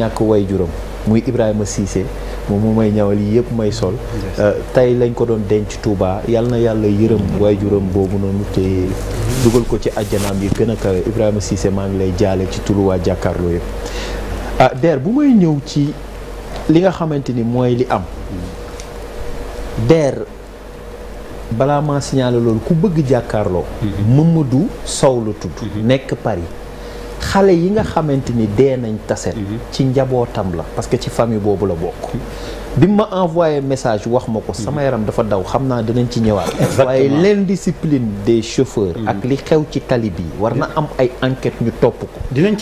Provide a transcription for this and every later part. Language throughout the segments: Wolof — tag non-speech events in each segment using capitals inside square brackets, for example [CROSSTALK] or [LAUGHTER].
ñàkk way juróom muy Ibrahima Cissé moom mu may ñawal yi yëpp may sol euh, tey lañ ko doon denc Touba yàlla na yàlla yërëm way juróom boobu noonu te dugal ko ci ajjanaam yi gën a kawe Ibrahima Cissé maa ngi lay jaalee ci tuluwaa jàkkaarloo yëpp ah bu may ñëw ci li nga xamante ni mooy li am mm-hmm. Der balaa ma signalé loolu ku bëgg jàkkaarloo mm-hmm. Mamadou Sow la tudd mm-hmm. nekk Paris xale yi nga xamante ni dee nañ taset mhm. ci njabootam la parce que ci famille boobu la bokk bi ma envoyé message wax ma ko mhm. sama yaram dafa daw xam naa dinañ ci ñëwaat waaye l'indiscipline des chauffeurs mhm. ak li xew ci tali bi war na am ay enquête ñu topp ko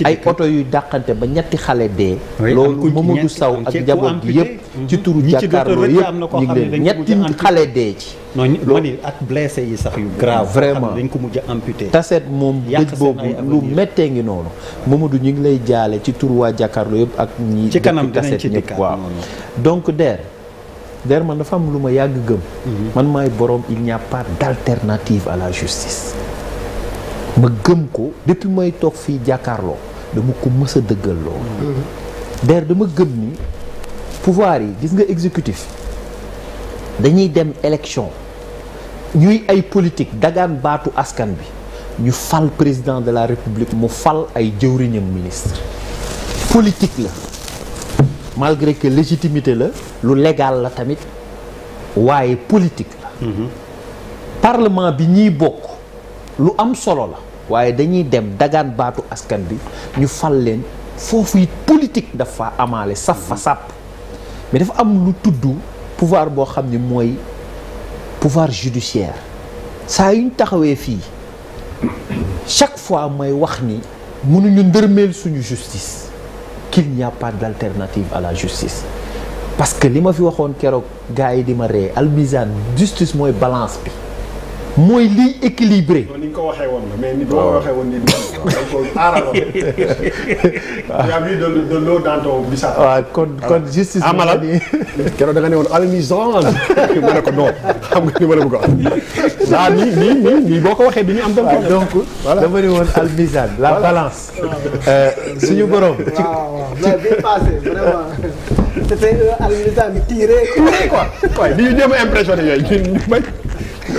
ay oto yuy dàqante ba ñetti xale dee loolu Mamadou Sow ak njaboot bi yëpp ci turu jàkkaarloo yëpp ñu ngi ñetti xale dee ci non ma ak blessé yi sax yu grave vraiment dañ ko mujj amputé taset moom dëj boobu lu mettee ngi noonu Mamadou ñu ngi lay jaale ci tur waa jàkkaarloo yëpp ak ñi ci kanam dinañ ci dikkaat waaw donc der der man dafa am lu ma yàgg gëm mhm. man may borom il n'y a pas d'alternative à la justice ma gëm ko depuis may toog fii jàkkaarloo dama ko mës a dëggal loolu mhm. der dama gëm ni pouvoir yi gis nga exécutif dañuy dem élection ñuy ay politique dagaan baatu askan bi ñu fal président de la république mu fal ay jëwriñam ministre politique la malgré que légitimité la lu légal la tamit waaye politique la mhm. parlement bi ñuy bokk lu am solo la waaye dañuy dem dagaan baatu askan bi ñu fal leen foofu it politique dafa amaale saf fa sàpp mais dafa am lu tudd pouvoir boo xam ni mooy pouvoir judiciaire saa yu ñu taxawee fii chaque fois mooy wax ni mënuñu ndërmeel suñu justice qu'il n'y a pas d'alternative à la justice parce que li ma fi waxoon keroog gars yi di ma ree albisaan justice mooy balance bi mooy liy équilibré. ni nga ko waxee woon la mais ni boo waxee woon nii ko [LAUGHS] waaw kon kon ah. justice. amala ah, [LAUGHS] keroog da nga ne woon almisaan. [LAUGHS] ma ne ko non xam nga ni ma la bëgg a wax. ah nii nii nii nii boo ko waxee du ñu am. waaw donc dama ne woon almisaan la balance. Euh, suñu borom. bi waaw bien passé vraiment. Euh, ni ñu jéem a impressionné yooyu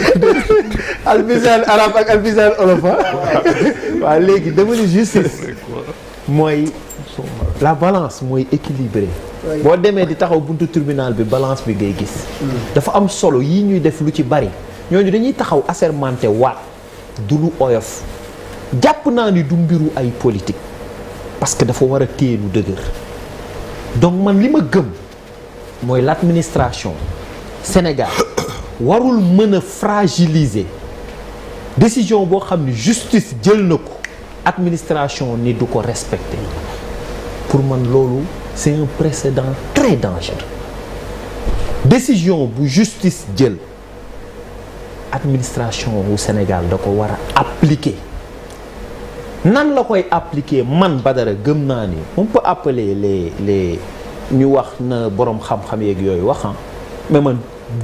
[LAUGHS] albisan arabe ak albisan olof ah. [LAUGHS] waaw léegi dama ni justice mooy la balance mooy équilibré boo demee di taxaw buntu tribunal bi balance bi ngay gis mm. dafa am solo yii ñuy def lu ci bari ñooñu dañuy taxaw assermenté waat du lu oyof jàpp naa ni du mbiru ay politique parce que dafa war a téye lu dëgër donc man li ma gëm mooy l'administration Sénégal warul mën a fragiliser décision boo xam ne justice jël na ko administration ni du ko respecter pour man loolu c'est un précédent très dangereux décision bu justice jël administration wu Sénégal da ko war a appliquer nan la koy appliquer man ba dara gëm naa ni on peut appeler les les ñu wax na boroom xam-xam yeeg yooyu wax ah mais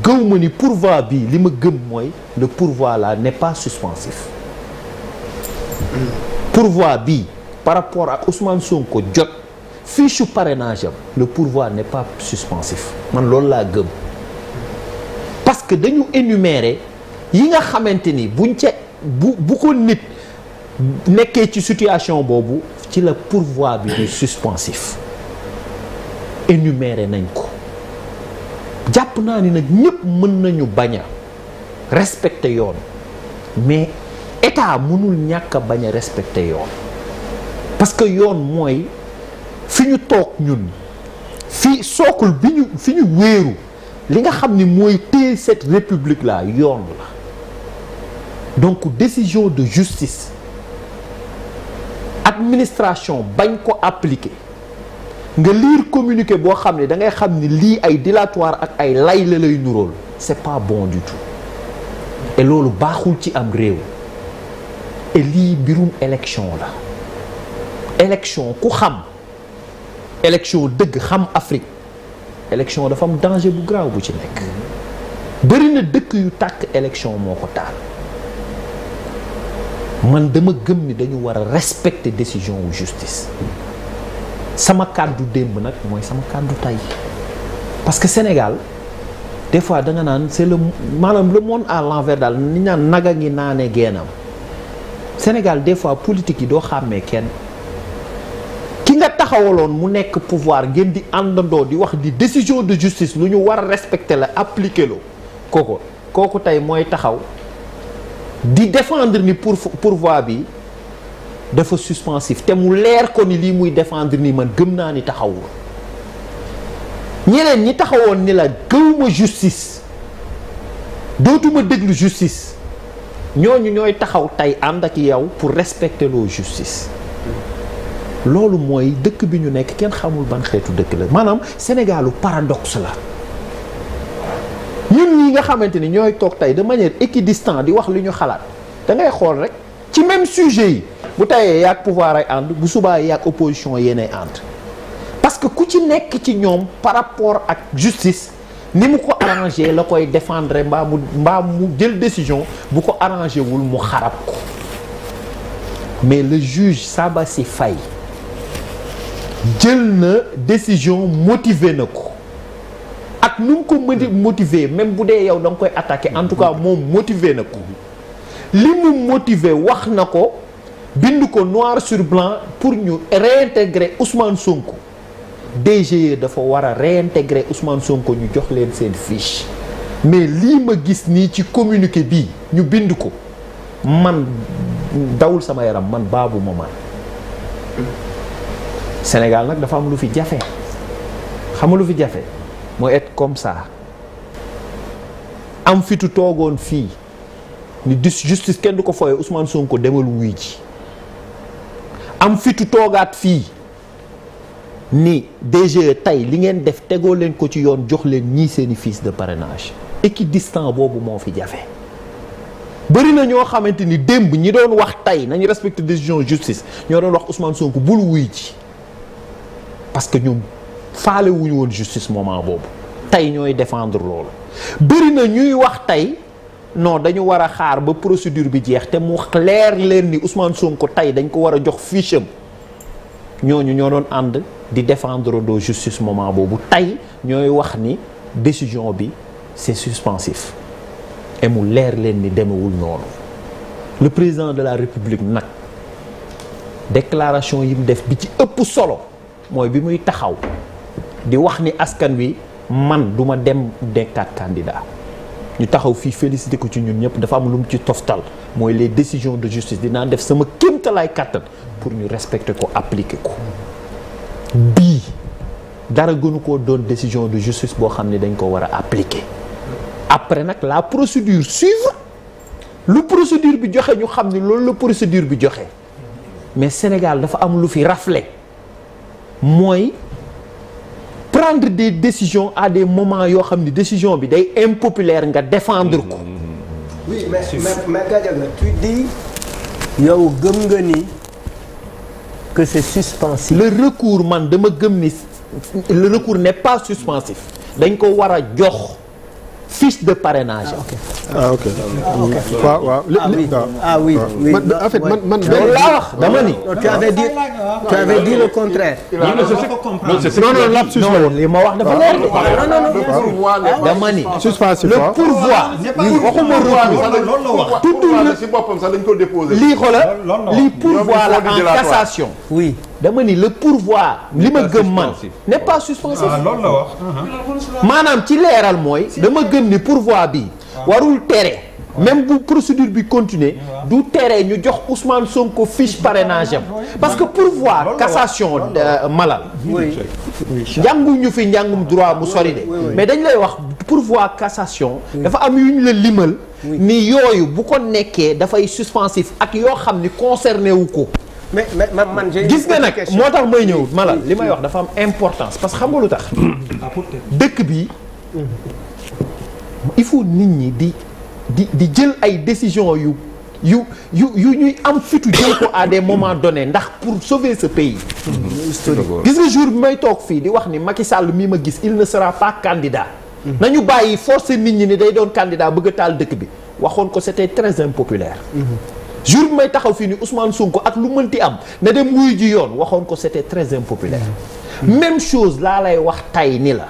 gëw ma ni pourvoi bi li ma gëm mooy le pourvoi là ne pas suspensif pourvoi bi par rapport ak Ousmane Sonko jot fiche parrainage am le pourvoi n'est pas suspensif man loolu laa gëm parce que dañu énumérer yi nga xamante ni buñ ca bu bu ko nit nekkee ci situation boobu ci la pourvoi bi du suspensif énumérer nañ ko jàpp naa ni nag ñëpp mën nañu bañ a respecté yoon mais état mënul ñàkk a bañ a respecté yoon parce que yoon mooy fi ñu toog ñun fi sookul bi ñu fi ñu wéeru li nga xam ni mooy téye cette république là yoon la donc décision de justice administration bañ ko appliquer nga liir communiqué boo xam ne da ngay xam ni lii ay dilatoire ak ay lay la lay nuróol c'est pas bon du tout et loolu baaxul ci am réew et lii mbirum élection la élection ku xam élection dëgg xam Afrique élection dafa am danger bu grave bu ci nekk bëri na dëkk yu tàkk élection moo ko taal man dama gëm ni dañu war a respecter décision wu justice sama kàddu démb nag mooy sama kàddu tey parce que Sénégal des fois da naan c'est le maanaam le monde à l'envers daal ni naan nag a ngi naane geenam Sénégal des fois politique yi doo xàmmee kenn ki nga taxawaloon mu nekk pouvoir ngeen di àndandoo di wax di décision de justice lu ñu war a respecter la appliquer lo kooku kooku tey mooy taxaw di défendre ni pour pourvoi bi dafa suspensif te mu leer ko ni lii muy defendre ni man gëm naa ni taxawul ñeneen ñi taxawoon ni la gëwuma justice dootuma déglu justice ñooñu ñooy taxaw tey ànd ak yow pour respecter loo justice loolu mooy dëkk bi ñu nekk kenn xamul ban xeetu dëkk la maanaam Sénégalu paradoxe la ñun yi nga xamante ni ñooy toog tey de manière équidistante di wax li ñu xalaat da ngay xool rek ci même sujet yi bu tayee yaag pouvoir ay ànd bu subaa yaag opposition yéenay ànd parce que ku ci nekk ci ñoom par rapport ak justice ni mu ko arrangé la koy défendre mbaa mu mbaa mu jël décision bu ko arrangé wul mu xarab ko mais le juge si fay jël na décision motivé na ko ak nu mu ko mën motivé même bu dee yow da nga koy attaqué en tout cas moom motivé na ko li mu motiver wax na ko bind ko noir sur blanc pour ñu réintégrer Ousmane Sonko DGE dafa war a réintégrer Ousmane Sonko ñu jox leen seen fiche mais lii ma gis nii ci communiqué bii ñu bind ko man dawul sama yaram man baabu ma man Sénégal nag dafa am lu fi jafe xam lu fi jafe moo et comme ça am fitu toogoon fii ni dis justice kenn du ko fooyee Ousmane Sonko demal wuy ji am fitu toogaat fii ni DGE tey li ngeen def tegoo leen ko ci yoon jox leen ñii seeni fils de parrainage équidistant boobu moo fi jafe bëri na ñoo xamante ni démb ñi doon wax tey nañu respecté décision justice ñoo doon wax Ousmane Sonko bul wuy ji parce que ñoom faale wuñu woon justice moment boobu tey ñooy défendre loolu bëri ñuy wax tey non dañu war a xaar ba procédure bi jeex te mu leer leen ni Ousmane Sonko tey dañ ko war a jox fiche ñooñu ñoo doon ànd di défendre de justice moment boobu tey ñooy wax ni décision bi c'est suspensif et mu leer leen ni demewul noonu le président de la république nag déclaration yi mu def bi ci ëpp solo mooy bi muy taxaw di wax ni askan wi man duma dem nekkaat candidat ñu taxaw fii félicité ko ci ñun ñëpp dafa am lu mu ci toftal mooy les décisions de justice dinaa def sama kéemtalaay kàttan pour ñu respecter ko appliquer ko bii dara gënu koo doon décision de justice boo xam ne dañ koo war a appliquer après nag la procédure suivre lu procédure bi joxe ñu xam ne loolu la procédure bi joxe mais Sénégal dafa am lu fi rafle mooy prendre des décision à des moments yoo xam ni décision bi day impopulaire nga défendre ko. oui yow gëm nga ni que c'est suspensif. le recours man dama gëm ni le recours n'est pas suspensif dañ ko war a jox. fiche de parrainage. ah ok ah ok waaw waaw. ah oui ah, oui man en fait man man. loolu laa wax dama ni. tu avais dit tu avais dit le contraire. non non lapsus la woon li ma wax dafa leer. non non dama ni. suspensif le pourvoi. waxuma retour. tuddul lii xoolal lii pourvoi la en cassation. oui. dama ni le pourvoi li ma gën man n'est pas suspensif ah, uh-huh. maanaam ci leeral mooy dama gëm ni pourvoi bi ah. warul tere même bu procédure bi continuer du tere ñu jox ko Sonko fiche parrainage am parce que pourvoi cassation euh, malal njàngum ñu fi njàngum droit mu sori de mais dañ lay wax pourvoi cassation dafa am yu ñu la limal ni yooyu bu ko nekkee dafay suspensif ak yoo xam ni concerné wu ko mais mais man gis nga nag moo tax may ñëw ma li may wax dafa am importance parce que xam nga lu tax. dëkk bi. il faut nit ñi di di di jël ay décisions yu yu yu yu ñuy am fitu jël ko à des moments donnés ndax pour sauver ce pays. gis nga jour bi may toog fii di wax ni Macky Sall mi ma gis il ne sera pas candidat. nañu bàyyi force nit ñi ni day doon candidat bëgg a taal dëkk bi waxoon ko c'était très impopulaire. jour bi may taxaw fii ni Ousmane Sonko ak lu mënti am na dem wuy ji yoon waxoon ko c'était très impopulaire mm. même chose laa lay wax tay ni la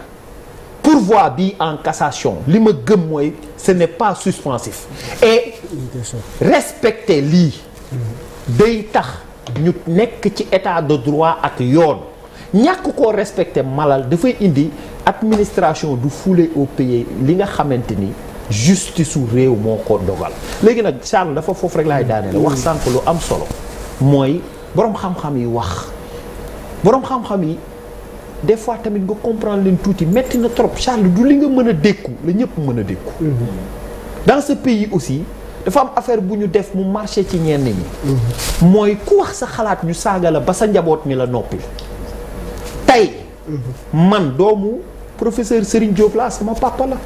pour pourvoi bi en cassation li ma gëm mooy ce n'est pas suspensif et respecter lii mm. day tax ñu nekk ci état de droit ak yoon ñàkk koo respecter malal dafay indi administration du fouler au li nga xamante ni justice su réew moo ko dogal léegi nag Charles dafa foofu rek laay daaneel wax sànq lu am solo mooy boroom xam-xam yi wax boroom xam-xam yi des fois tamit nga comprendre leen tuuti metti na trop Charles du li nga mën a dékku la ñëpp mën a dékku mm-hmm. dans ce pays aussi dafa am affaire bu ñu def mu marché ci ñenn ñi mm-hmm. mooy ku wax sa xalaat ñu saaga la ba sa njaboot mi la noppi tey mm-hmm. man doomu professeur Serigne Diop laa sama papa la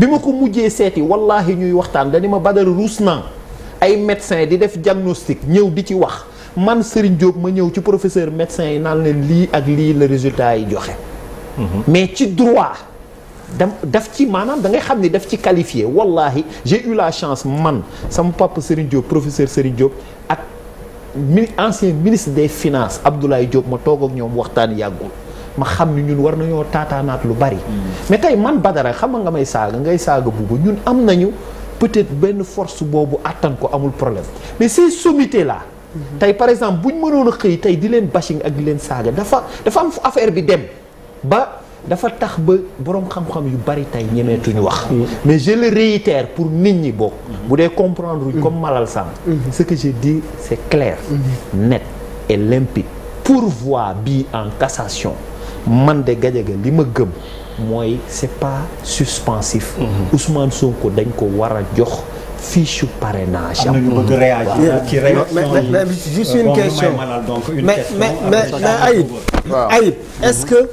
bi ma ko mujjee seeti wallaahi ñuy waxtaan dañu ma badal ruus nant ay médecin di def diagnostic ñëw di ci wax man Serigne Diop ma ñëw ci professeur médecin yi naan leen lii ak lii la résultat yi joxe mhm. mais ci droit dam daf ci maanaam da ngay xam ni daf ci qualifié wallaahi j'ai eu la chance man sama papa Serigne Diop professeur Serigne Diop ak mi ancien ministre des finances Abdoulaye Diop ma toog ak ñoom waxtaan yàggul ma xam ni ñun war nañoo taataanaat lu bari. mais tey man Badara xam nga may saaga ngay saaga buubu ñun am nañu peut-être benn force boobu attan ko amul problème mais ces sommités là. tey par exemple bu mënoon a xëy tey di leen bashing ak di leen saaga dafa dafa am affaire bi dem ba. dafa tax ba boroom xam-xam yu bari tey ñemeetuñu wax. Mm-hmm. mais je le réitère pour nit ñi bokk. Mm-hmm. bu dee comprendre luñ comme mm-hmm. Malal Sam. ce que j'ai dit c'est clair. net et limpide. pourvoi bi en cassation. man de Gadiaga li ma gëm mooy c'est pas suspensif. Mhm. Ousmane Sonko dañ ko war a jox. fiche parrainage. am na ñu bëgg réagir ci réaction yi. mais mais mais mais mais est-ce que